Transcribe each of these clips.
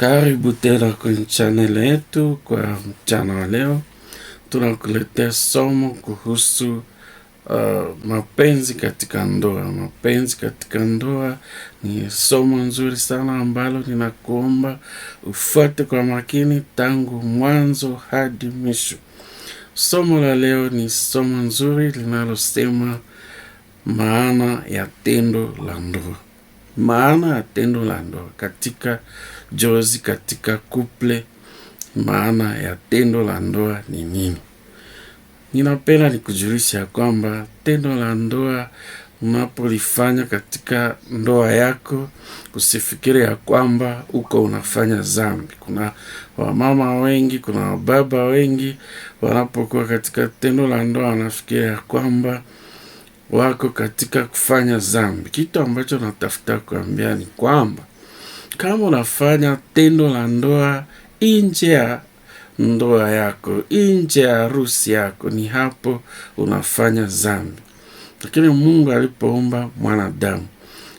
Karibu tena kwenye chaneli yetu. Kwa mchana wa leo, tunakuletea somo kuhusu uh, mapenzi katika ndoa. Mapenzi katika ndoa ni somo nzuri sana ambalo ninakuomba ufuate kwa makini tangu mwanzo hadi mwisho. Somo la leo ni somo nzuri linalosema maana ya tendo la ndoa. Maana ya tendo la ndoa katika jozi katika kuple. Maana ya tendo la ndoa ni nini? Ninapenda nikujulisha ya kwamba tendo la ndoa unapolifanya katika ndoa yako, usifikiri ya kwamba uko unafanya zambi. Kuna wamama wengi, kuna wababa wengi wanapokuwa katika tendo la ndoa wanafikiri ya kwamba wako katika kufanya zambi. Kitu ambacho natafuta kuambia ni kwamba kama unafanya tendo la ndoa nje ya ndoa yako, nje ya harusi yako, ni hapo unafanya dhambi. Lakini Mungu alipoumba mwanadamu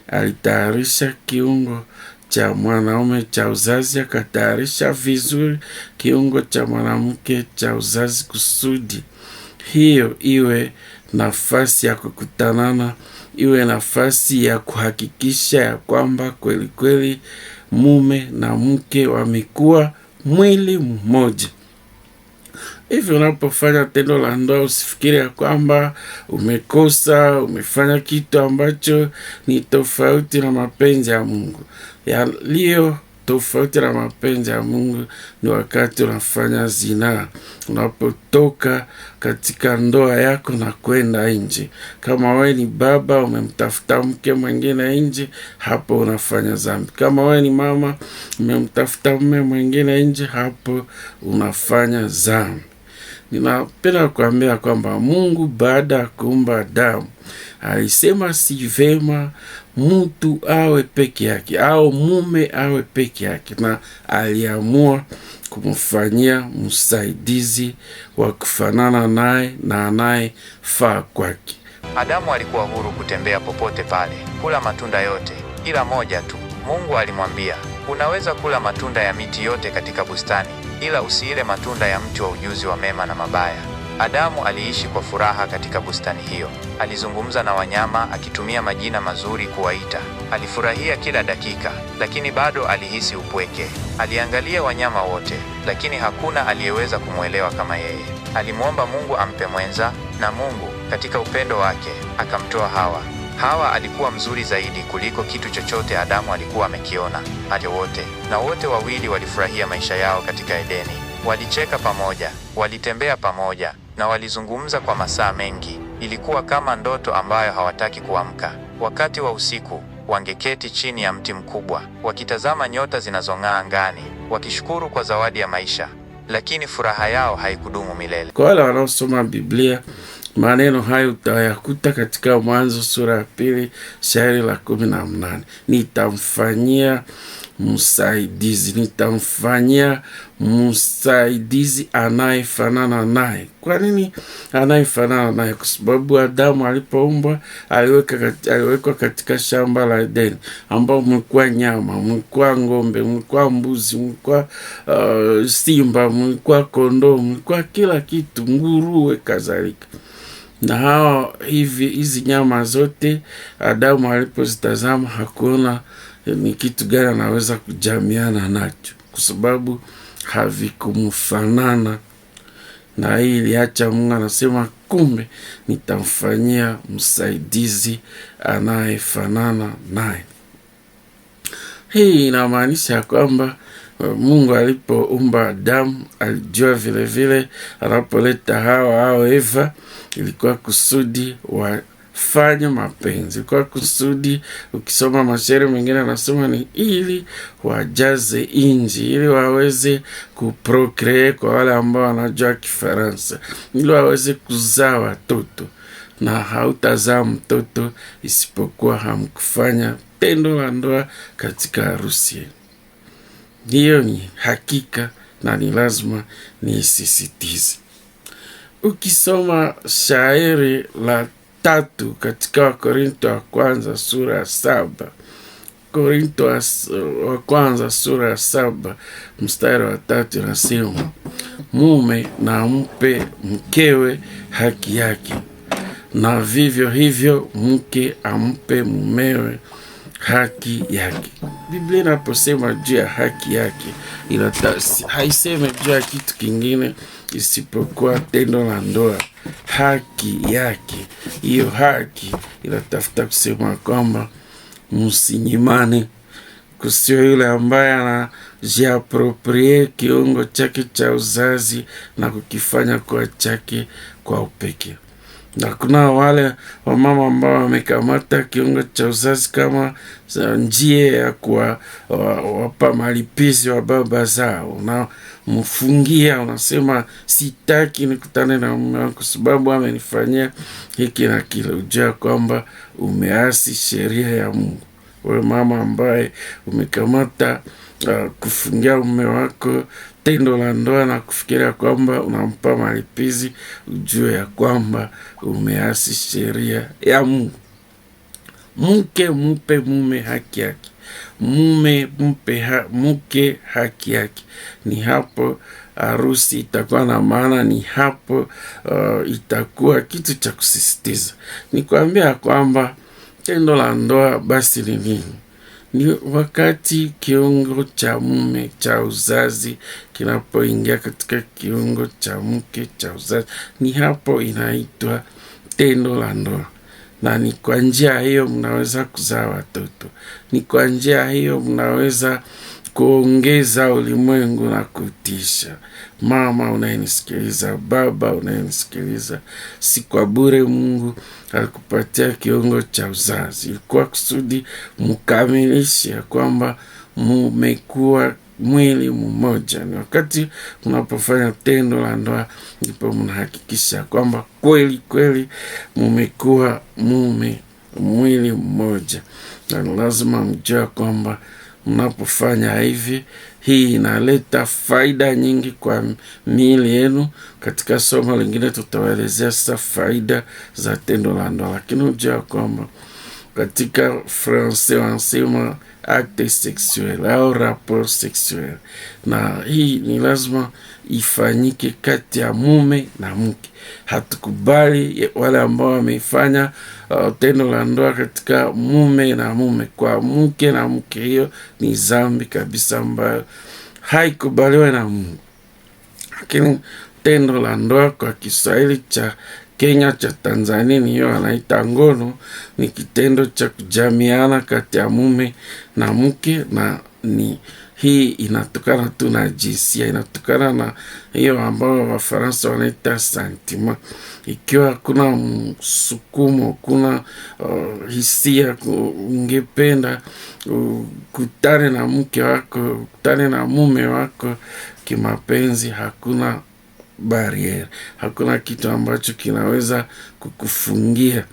alitayarisha kiungo cha mwanaume cha uzazi, akatayarisha vizuri kiungo cha mwanamke cha uzazi, kusudi hiyo iwe nafasi ya kukutanana, iwe nafasi ya kuhakikisha ya kwamba kweli kweli mume na mke wamekuwa mwili mmoja. Hivyo unapofanya tendo la ndoa usifikiri ya kwamba umekosa, umefanya kitu ambacho ni tofauti na mapenzi ya Mungu yaliyo tofauti na mapenzi ya Mungu ni wakati unafanya zinaa, unapotoka katika ndoa yako na kwenda nje. Kama wewe ni baba umemtafuta mke mwingine nje, hapo unafanya zambi. Kama wewe ni mama umemtafuta mume mwingine nje, hapo unafanya zambi. Ninapenda kuambia kwamba Mungu baada ya kuumba Adamu alisema si vema mtu awe peke yake au mume awe peke yake, na aliamua kumfanyia msaidizi wa kufanana naye na anayefaa kwake. Adamu alikuwa huru kutembea popote pale, kula matunda yote ila moja tu. Mungu alimwambia, unaweza kula matunda ya miti yote katika bustani, ila usiile matunda ya mti wa ujuzi wa mema na mabaya. Adamu aliishi kwa furaha katika bustani hiyo. Alizungumza na wanyama akitumia majina mazuri kuwaita. Alifurahia kila dakika, lakini bado alihisi upweke. Aliangalia wanyama wote, lakini hakuna aliyeweza kumwelewa kama yeye. Alimwomba Mungu ampe mwenza, na Mungu katika upendo wake akamtoa Hawa. Hawa alikuwa mzuri zaidi kuliko kitu chochote Adamu alikuwa amekiona. Wote na wote wawili walifurahia maisha yao katika Edeni. Walicheka pamoja, walitembea pamoja na walizungumza kwa masaa mengi. Ilikuwa kama ndoto ambayo hawataki kuamka. Wakati wa usiku wangeketi chini ya mti mkubwa wakitazama nyota zinazong'aa angani, wakishukuru kwa zawadi ya maisha, lakini furaha yao haikudumu milele. Kwa wale wanaosoma Biblia, maneno hayo utayakuta katika Mwanzo sura ya pili shairi la kumi na mnane nitamfanyia msaidizi. Nitamfanyia msaidizi anayefanana naye. Kwa nini anayefanana naye? Kwa sababu Adamu alipoumbwa aliwekwa katika shamba la Edeni, ambao mlikuwa nyama, mlikuwa ng'ombe, mlikuwa mbuzi, mlikuwa uh, simba, mlikuwa kondoo, mlikuwa kila kitu, nguruwe kadhalika na hao hivi hizi nyama zote Adamu alipozitazama hakuona ni kitu gani anaweza kujamiana nacho, kwa sababu havikumfanana na hii iliacha Mungu anasema, kumbe nitamfanyia msaidizi anayefanana naye. Hii inamaanisha ya kwamba uh, Mungu alipoumba Adamu alijua vilevile, anapoleta Hawa au Eva ilikuwa kusudi wa fanya mapenzi kwa kusudi. Ukisoma mashairi mengine anasema ni ili wajaze inji, ili waweze kuprokre, kwa wale ambao wanajua Kifaransa, ili waweze kuzaa watoto, na hautazaa mtoto isipokuwa hamkufanya tendo la ndoa katika harusi. Hiyo ni hakika na ni lazima niisisitize. Ukisoma shairi la tatu katika Wakorinto wa kwanza sura ya saba Korinto wa kwanza sura ya saba mstari wa tatu inasema mume na mpe mkewe haki yake, na vivyo hivyo mke ampe mumewe haki yake. Biblia inaposema juu ya haki yake haiseme juu ya kitu kingine isipokuwa tendo la ndoa haki yake. Hiyo haki inatafuta kusema kwamba msinyimane, kusio yule ambaye anajiaproprie kiungo chake cha uzazi na kukifanya kuwa chake kwa upekee na kuna wale wamama ambao wamekamata kiungo cha uzazi kama njia ya kuwapa malipizi wa baba zao, unamfungia unasema, sitaki nikutane na mume wangu kwa sababu amenifanyia hiki na kile. Ujua kwamba umeasi sheria ya Mungu. Wewe mama ambaye umekamata uh, kufungia mume wako tendo la ndoa na kufikiria kwamba unampa malipizi, ujue ya kwamba umeasi sheria ya Mungu. Mke mupe mume haki yake, mume mpe ha, mke haki yake. Ni hapo harusi itakuwa na maana, ni hapo uh, itakuwa kitu cha kusisitiza. Ni kuambia kwamba tendo la ndoa basi ni nini? Ndio wakati kiungo cha mume cha uzazi kinapoingia katika kiungo cha mke cha uzazi, ni hapo inaitwa tendo la ndoa, na ni kwa njia hiyo mnaweza kuzaa watoto, ni kwa njia hiyo mnaweza kuongeza ulimwengu na kutisha. Mama unayenisikiliza, baba unayenisikiliza, si kwa bure Mungu alikupatia kiungo cha uzazi, ilikuwa kusudi mkamilishi ya kwamba mumekuwa mwili mmoja. Ni wakati mnapofanya tendo la ndoa, ndipo mnahakikisha kwamba kweli kweli mumekuwa mume mwili mmoja, na lazima mjua kwamba Mnapofanya hivi, hii inaleta faida nyingi kwa miili yenu. Katika somo lingine tutawaelezea sasa faida za tendo la ndoa, lakini hujua kwamba katika Fransi wansima acte sexuel au rapport sexuel, na hii ni lazima ifanyike kati ya mume na mke. Hatukubali wale ambao wameifanya uh, tendo la ndoa katika mume na mume, kwa mke na mke. Hiyo ni zambi kabisa ambayo haikubaliwe na Mungu, lakini tendo la ndoa kwa Kiswahili cha Kenya cha Tanzania niyo wanaita ngono, ni kitendo cha kujamiana kati ya mume na mke, na ni hii inatokana tu na jinsia, inatokana na hiyo ambao Wafaransa wanaita sentiment. Ikiwa kuna msukumo, kuna uh, hisia, ungependa kutane na mke wako, kutane na mume wako kimapenzi, hakuna barrier, hakuna kitu ambacho kinaweza kukufungia.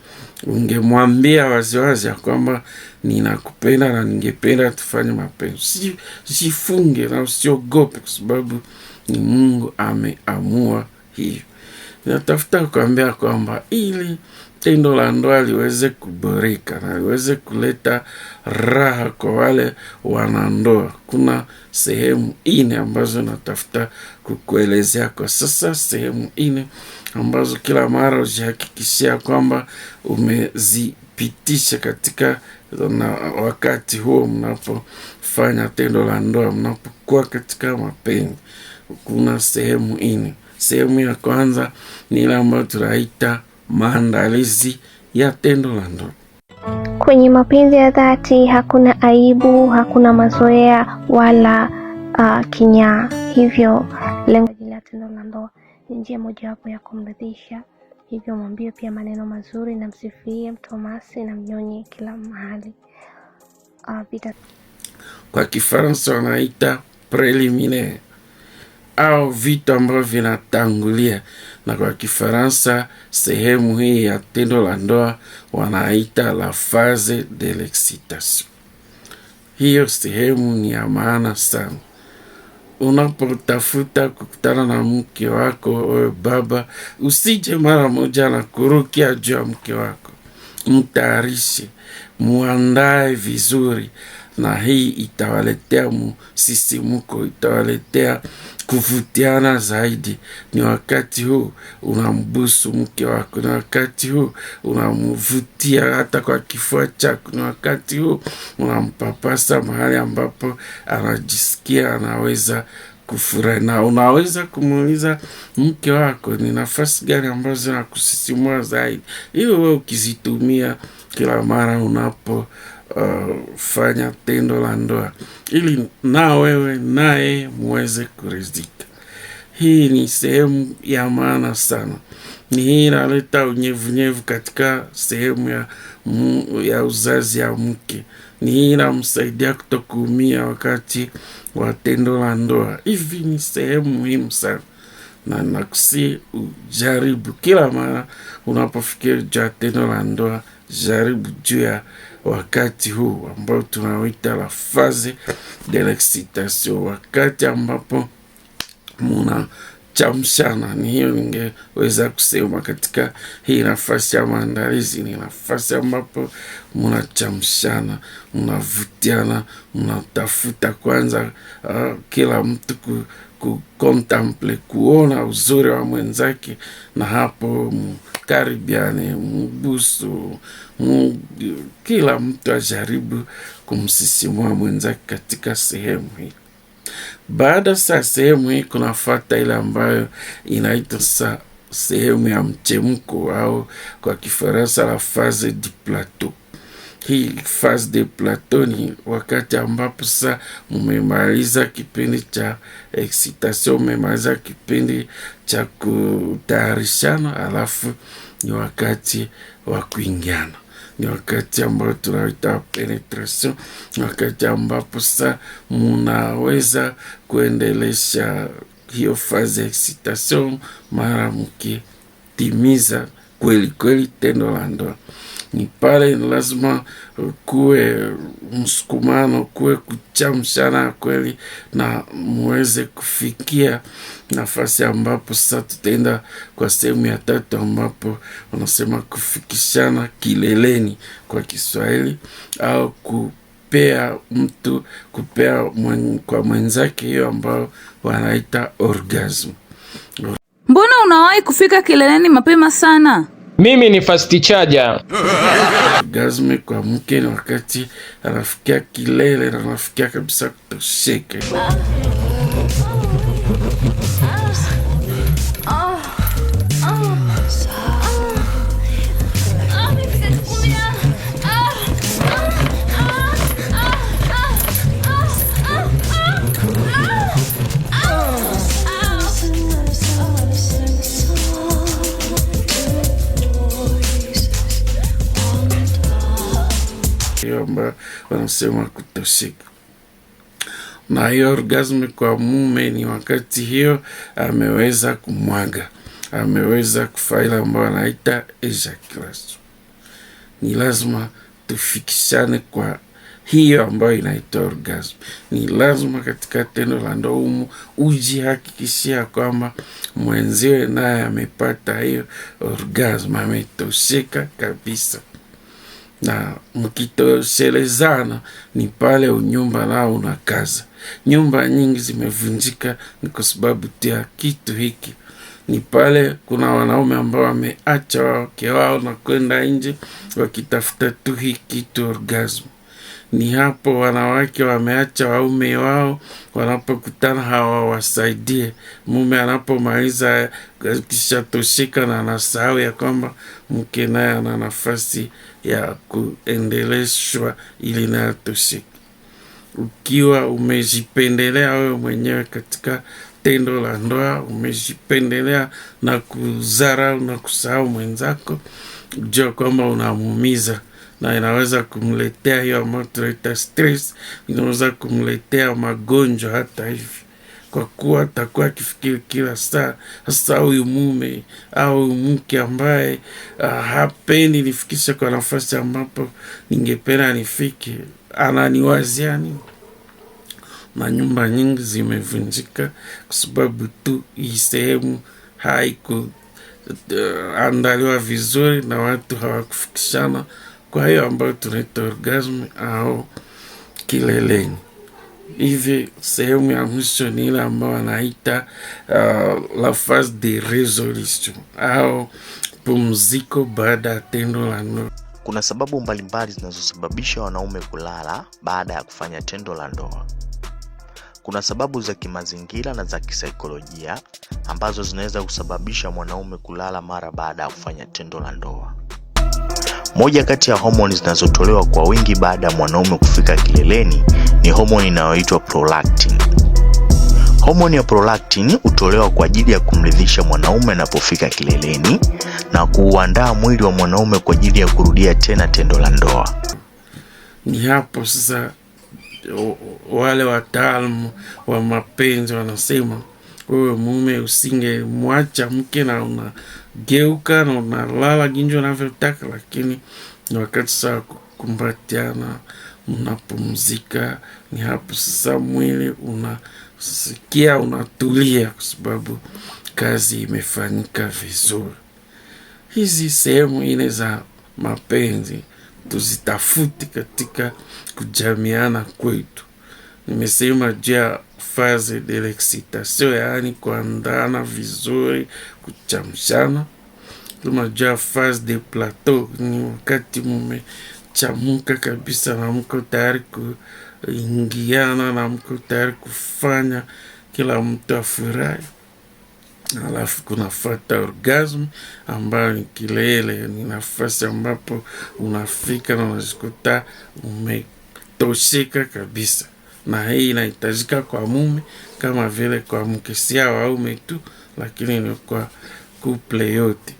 Ungemwambia waziwazi ya kwamba ninakupenda na ningependa tufanye mapenzi. Usifunge na usiogope, kwa sababu ni Mungu ameamua hiyo. Natafuta kuambia kwamba ili tendo la ndoa liweze kuboreka na liweze kuleta raha kwa wale wanandoa. Kuna sehemu ine ambazo natafuta kukuelezea kwa sasa, sehemu ine ambazo kila mara ujihakikishia kwamba umezipitisha katika na wakati huo mnapofanya tendo la ndoa, mnapokuwa katika mapenzi. Kuna sehemu ine. Sehemu ya kwanza ni ile ambayo tunaita maandalizi ya tendo la ndoa. Kwenye mapenzi ya dhati hakuna aibu, hakuna mazoea wala uh, ah, kinyaa. Hivyo lengo la tendo la ndoa ni njia mojawapo ya kumridhisha, hivyo mwambie pia maneno mazuri na msifie, mtomasi na mnyonye kila mahali. Uh, kwa Kifaransa wanaita preliminaire au vitu ambavyo vinatangulia, na kwa Kifaransa sehemu hii ya tendo la ndoa wanaita la phase de l'excitation. Hiyo sehemu ni ya maana sana. Unapotafuta kukutana na mke wako, wewe baba, usije mara moja na kurukia juu ya mke wako. Mtayarishe, muandae vizuri, na hii itawaletea musisimuko, itawaletea kuvutiana zaidi. Ni wakati huu unambusu mke wako, ni wakati huu unamvutia hata kwa kifua chako, ni wakati huu unampapasa mahali ambapo anajisikia anaweza kufurahi na unaweza kumuuliza mke wako ni nafasi gani ambazo zinakusisimua zaidi, hiyo uwe ukizitumia kila mara unapo fanya tendo la ndoa ili na wewe naye muweze kuridhika. Hii ni sehemu ya maana sana, ni hii inaleta unyevunyevu katika sehemu ya, ya uzazi ya mke, ni hii inamsaidia kutokuumia wakati wa tendo la ndoa. Hivi ni sehemu muhimu sana na nakusi ujaribu kila mara unapofikiri juu ya tendo la ndoa, jaribu juu ya wakati huu ambao tunawita la phase de l'excitation, wakati ambapo muna cha mchana. Ni hiyo ningeweza kusema katika hii nafasi ya maandalizi. Ni nafasi ambapo munachamshana, mnavutiana, mnatafuta kwanza, uh, kila mtu ku, kukontemple kuona uzuri wa mwenzake, na hapo mkaribiane, mbusu, kila mtu ajaribu kumsisimua mwenzake katika sehemu hii. Baada sa sehemu hii kunafuata ile ambayo inaitwa sa sehemu ya mchemko au kwa Kifaransa la phase de plateau. Hii phase de plateau ni wakati ambapo sa mumemaliza kipindi cha excitation, mumemaliza kipindi cha kutayarishana, alafu ni wakati wa kuingiana wakati ambao tunaita penetration, wakati ambapo sa munaweza kuendelesha hiyo fazi ya excitation mara mkitimiza kweli kweli tendo la ndoa ni pale lazima kuwe msukumano, kuwe kuchamshana kweli, na muweze kufikia nafasi ambapo sasa tutaenda kwa sehemu ya tatu ambapo wanasema kufikishana kileleni kwa Kiswahili au kupea mtu kupea mwen, kwa mwenzake hiyo ambao wanaita orgasm. Mbona unawahi kufika kileleni mapema sana? Mimi ni fast charger. Orgasme kwa mke ni wakati anafikia kilele na anafikia kabisa kutosheka. kwamba wanasema kutosika na hiyo orgasmu kwa mume ni wakati hiyo ameweza kumwaga, ameweza kufaila ambayo anaita ejaculation. Ni lazima tufikishane kwa hiyo ambayo inaitwa orgasm. Ni lazima katika tendo la ndoa humu ujihakikishia kwamba mwenziwe naye amepata hiyo orgasm, ametosheka kabisa na mkitoshelezana ni pale unyumba nao na kaza. Nyumba nyingi zimevunjika ni kwa sababu tia kitu hiki. Ni pale kuna wanaume ambao wameacha wake wao na kwenda nje wakitafuta tu hii kitu orgasm. Ni hapo wanawake wameacha waume wao, wanapokutana hawawasaidie. Mume anapomaliza kishatoshika na anasahau ya kwamba mke naye ana nafasi ya kuendeleshwa ili ilinatosheka. Ukiwa umejipendelea wewe mwenyewe katika tendo la ndoa, umejipendelea na kudharau na kusahau mwenzako, jua kwamba unamuumiza na inaweza kumletea hiyo ambayo tunaita stress, inaweza kumletea magonjwa hata hivi kwa kuwa atakuwa akifikiri kila saa, hasa huyu mume au huyu mke ambaye uh, hapendi nifikishe kwa nafasi ambapo ningependa nifike, ananiwazia nini? Na nyumba nyingi zimevunjika kwa sababu tu hii sehemu haiku eh, andaliwa vizuri na watu hawakufikishana kwa hiyo ambayo tunaita orgasm au kileleni hivi sehemu ya ni ile ambayo wanaita uh, la phase de resolution au pumziko baada ya tendo la ndoa. Kuna sababu mbalimbali zinazosababisha wanaume kulala baada ya kufanya tendo la ndoa. Kuna sababu za kimazingira na za kisaikolojia ambazo zinaweza kusababisha mwanaume kulala mara baada ya kufanya tendo la ndoa. Moja kati ya homoni zinazotolewa kwa wingi baada ya mwanaume kufika kileleni ni homoni inayoitwa prolactin. Homoni ya prolactin hutolewa kwa ajili ya kumridhisha mwanaume anapofika kileleni na kuuandaa mwili wa mwanaume kwa ajili ya kurudia tena tendo la ndoa. Ni hapo sasa wale wataalamu wa mapenzi wanasema wewe mume usingemwacha mke na unageuka na unalala ginjo unavyotaka, lakini ni wakati saa kukumbatiana unapumzika, ni hapo sasa mwili unasikia unatulia, kwa sababu kazi imefanyika vizuri. Hizi sehemu ine za mapenzi tuzitafuti katika kujamiana kwetu. Nimesema juu ya faze de l'excitation, yaani kuandana vizuri, kuchamshana. Tuma juu ya faze de plateau, ni wakati mume kuchamuka kabisa, namko tayari kuingiana, namko tayari kufanya kila mtu afurahi. Alafu kunafata orgasm ambayo ni kilele, ni nafasi ambapo unafika na unajikuta umetosheka kabisa, na hii inahitajika kwa mume kama vile kwa mke, si waume tu, lakini ni kwa kuple yote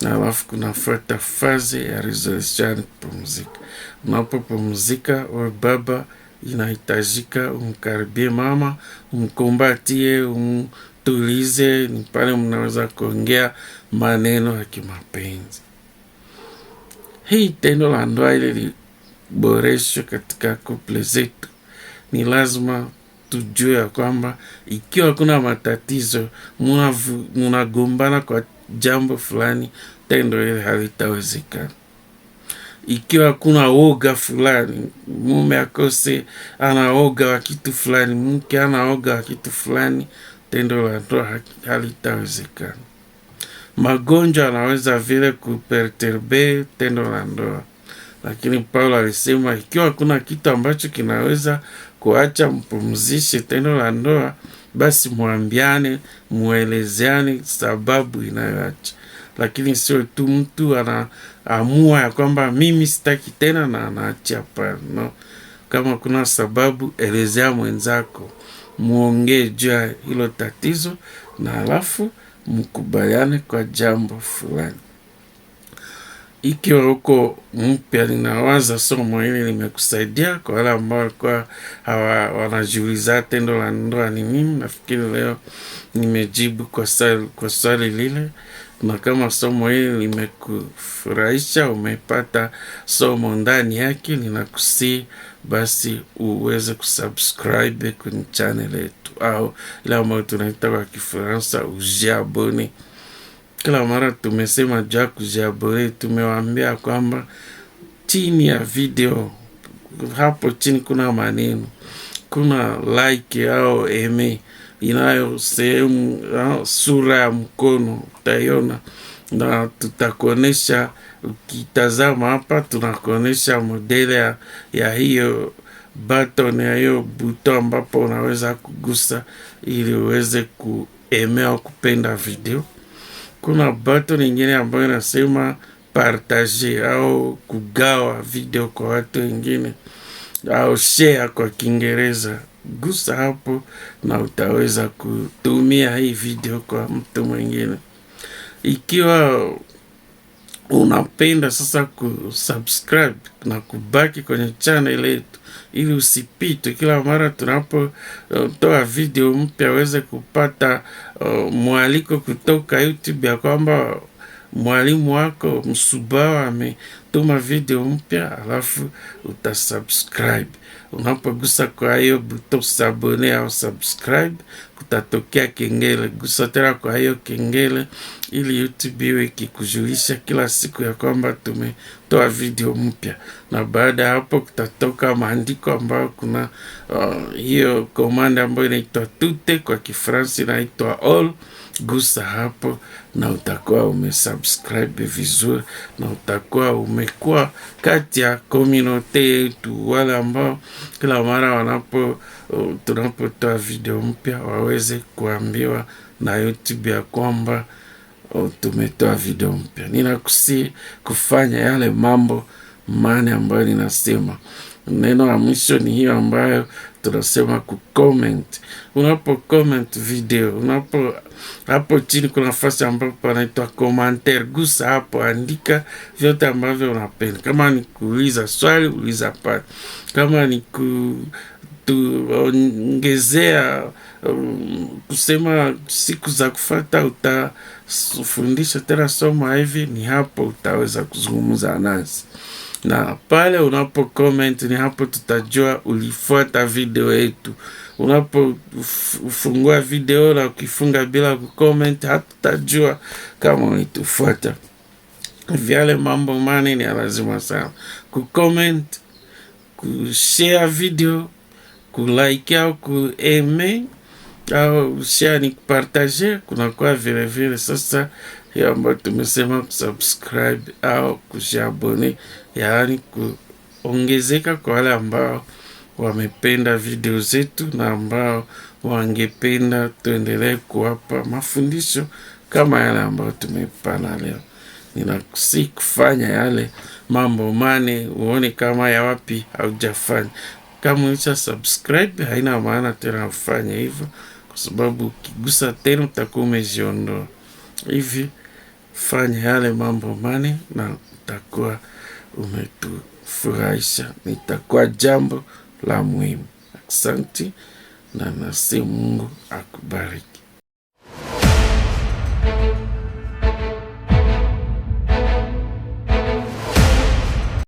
na alafu kunafuata fazi ya resolution kupumzika. Unapopumzika we baba, inahitajika umkaribie mama, umkumbatie, umtulize. Ni pale mnaweza kuongea maneno ya kimapenzi. Hii tendo la ndoa ili liboreshwe katika kuple zetu, ni lazima tujue ya kwamba ikiwa kuna matatizo munagombana kwa jambo fulani, tendo hili halitawezekana. Ikiwa kuna woga fulani, mume akose anaoga wa kitu fulani, mke anaoga wa kitu fulani, tendo la ndoa halitawezekana. Magonjwa anaweza vile kuperturbe tendo la ndoa, lakini Paulo alisema ikiwa kuna kitu ambacho kinaweza kuacha mpumzishe tendo la ndoa basi mwambiane, mwelezeane sababu inayoacha. Lakini sio tu mtu anaamua ya kwamba mimi sitaki tena na anaacha. Hapana, no. Kama kuna sababu, elezea mwenzako, mwongee juu ya hilo tatizo, na alafu mkubaliane kwa jambo fulani. Ikiwa mpya linawaza somo hili limekusaidia. Kwa wale ambao walikuwa hawa wanajiuliza tendo la ndoa ni nini, nafikiri leo nimejibu kwa swali, kwa swali lile, na kama somo hili limekufurahisha, umepata somo ndani yake, ninakusii basi uweze kusubscribe kwenye channel yetu, au ile ambayo tunaita kwa Kifaransa ujiabone. Kila mara tumesema ja kujiabore, tumewambia kwamba chini ya video hapo chini kuna maneno, kuna like au eme inayo sehemu ah, sura ya mkono utaiona, na tutakuonesha. Ukitazama hapa, tunakuonesha modele ya, ya hiyo button ya hiyo buto ambapo unaweza kugusa ili uweze kuemea kupenda video kuna bato lingine ambayo inasema partage au kugawa video kwa watu wengine au share kwa Kiingereza. Gusa hapo na utaweza kutumia hii video kwa mtu mwingine ikiwa unapenda sasa kusubscribe na kubaki kwenye channel yetu ili usipite kila mara tunapotoa video mpya, aweze kupata uh, mwaliko kutoka YouTube ya kwamba mwalimu wako Msubawa ametuma video mpya, alafu utasubscribe. Unapogusa kwa hiyo buto sabone au subscribe, kutatokea kengele. Gusa tena kwa hiyo kengele, ili YouTube iwe ikikujulisha kila siku ya kwamba tumetoa video mpya, na baada ya hapo kutatoka maandiko ambayo kuna uh, hiyo komanda ambayo inaitwa tute kwa Kifaransa inaitwa all gusa hapo na utakuwa umesubscribe vizuri, na utakuwa umekuwa kati ya komunote yetu, wale ambao kila mara wanapo uh, tunapotoa video mpya waweze kuambiwa na YouTube ya kwamba uh, tumetoa video mpya. Ninakusi kufanya yale mambo mane ambayo ninasema. Neno la mwisho ni hiyo ambayo tunasema ku comment. Unapo comment video, unapo hapo chini kuna nafasi ambapo panaitwa commentaire, gusa hapo, andika vyote ambavyo unapenda. Kama ni kuuliza swali, uliza pale. Kama ni kutuongezea um, kusema siku za kufata utafundisha tena somo hivi, ni hapo utaweza kuzungumza nasi na pale unapo comment ni hapo tutajua ulifuata video yetu. Unapo ufungua video na ukifunga bila kucomment, hatutajua kama ulitufuata. Vyale mambo mane ni lazima sana kucomment, kushare video, kulike au kueme au share ni kupartager, kunakuwa vilevile sasa hiyo ambayo tumesema kusubscribe au kushabone yaani kuongezeka kwa wale ambao wamependa video zetu na ambao wangependa tuendelee kuwapa mafundisho kama yale ambayo tumepana leo. Ninakusi kufanya yale mambo mane uone kama ya wapi haujafanya. Kama ulisha subscribe haina maana tena ufanye hivyo, kwa sababu ukigusa tena utakuwa umejiondoa. Hivi fanya yale mambo mane na utakuwa umetufurahisha. Nitakuwa jambo la muhimu. Asante na nasi, Mungu akubariki.